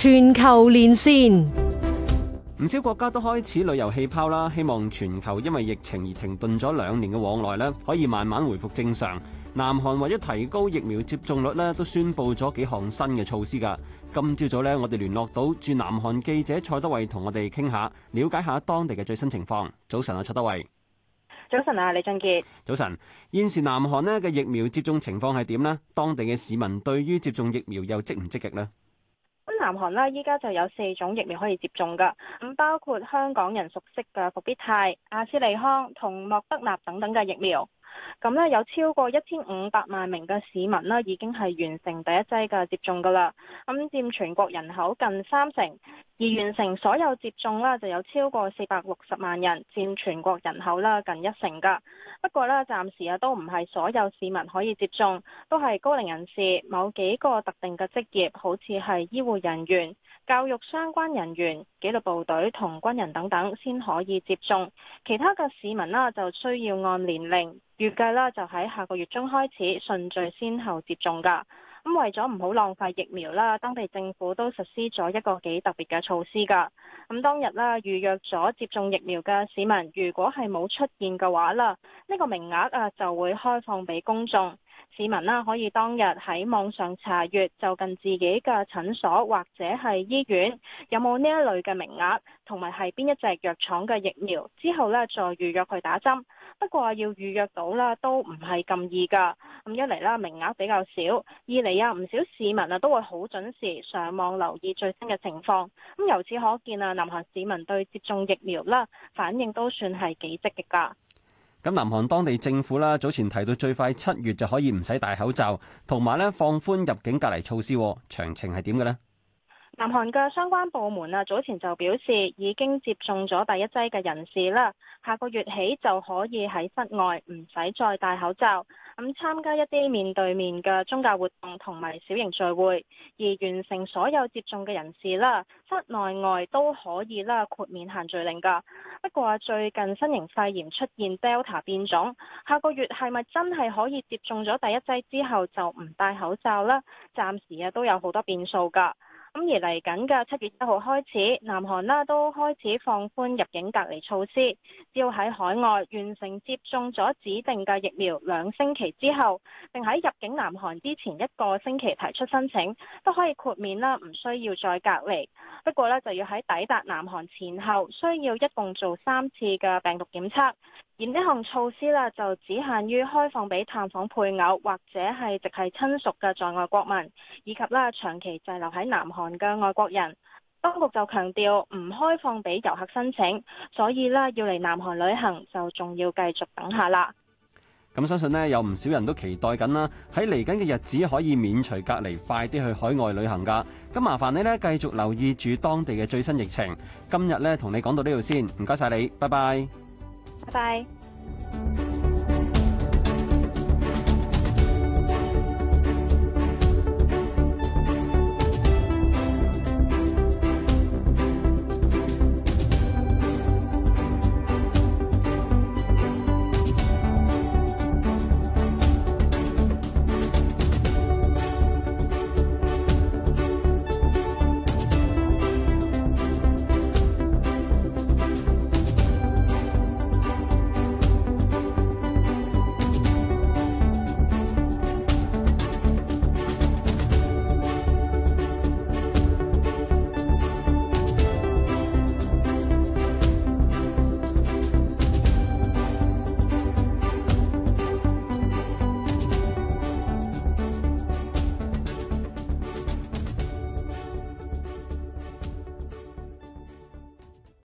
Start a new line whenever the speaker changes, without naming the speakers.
全球連線，
唔少國家都開始旅遊氣泡啦。希望全球因為疫情而停頓咗兩年嘅往來呢，可以慢慢回復正常。南韓為咗提高疫苗接種率呢，都宣佈咗幾項新嘅措施噶。今朝早呢，我哋聯絡到駐南韓記者蔡德蕙，同我哋傾下，了解下當地嘅最新情況。早晨啊，蔡德蕙。
早晨啊，李俊傑。
早晨，現時南韓呢嘅疫苗接種情況係點呢？當地嘅市民對於接種疫苗又積唔積極呢？
南韓呢，依家就有四種疫苗可以接種㗎，咁包括香港人熟悉嘅復必泰、阿斯利康同莫德納等等嘅疫苗。咁呢，有超過一千五百萬名嘅市民呢，已經係完成第一劑嘅接種㗎啦，咁佔全國人口近三成。而完成所有接種啦，就有超過四百六十萬人，佔全國人口啦近一成噶。不過咧，暫時啊都唔係所有市民可以接種，都係高齡人士、某幾個特定嘅職業，好似係醫護人員、教育相關人員、紀律部隊同軍人等等先可以接種，其他嘅市民啦，就需要按年齡預計啦，就喺下個月中開始順序先後接種噶咁為咗唔好浪費疫苗啦，當地政府都實施咗一個幾特別嘅措施噶。咁當日啦，預約咗接種疫苗嘅市民，如果係冇出現嘅話啦，呢個名額啊就會開放俾公眾。市民啦可以當日喺網上查閱就近自己嘅診所或者係醫院有冇呢一類嘅名額，同埋係邊一隻藥廠嘅疫苗，之後呢再預約去打針。不過要預約到啦都唔係咁易噶。咁一嚟啦，名額比較少；二嚟啊，唔少市民啊都會好準時上網留意最新嘅情況。咁由此可見啊，南韓市民對接種疫苗啦反應都算係幾積極噶。
咁南韓當地政府啦，早前提到最快七月就可以唔使戴口罩，同埋呢放寬入境隔離措施，詳情係點嘅呢？
南韓嘅相關部門啊，早前就表示已經接種咗第一劑嘅人士啦，下個月起就可以喺室外唔使再戴口罩，咁參加一啲面對面嘅宗教活動同埋小型聚會，而完成所有接種嘅人士啦，室內外都可以啦豁免限聚令噶。不過啊，最近新型肺炎出現 Delta 變種，下個月係咪真係可以接種咗第一劑之後就唔戴口罩咧？暫時啊都有好多變數噶。咁而嚟緊嘅七月一號開始，南韓啦都開始放寬入境隔離措施，只要喺海外完成接種咗指定嘅疫苗兩星期之後，並喺入境南韓之前一個星期提出申請，都可以豁免啦，唔需要再隔離。不過咧就要喺抵達南韓前後需要一共做三次嘅病毒檢測。而呢項措施啦就只限於開放俾探訪配偶或者係直系親屬嘅在外國民，以及啦長期滯留喺南韓韓嘅外國人，當局就強調唔開放俾遊客申請，所以呢，要嚟南韓旅行就仲要繼續等下啦。
咁相信呢，有唔少人都期待緊啦，喺嚟緊嘅日子可以免除隔離，快啲去海外旅行噶。咁麻煩你呢，繼續留意住當地嘅最新疫情。今日呢，同你講到呢度先，唔該晒你，拜拜，
拜拜。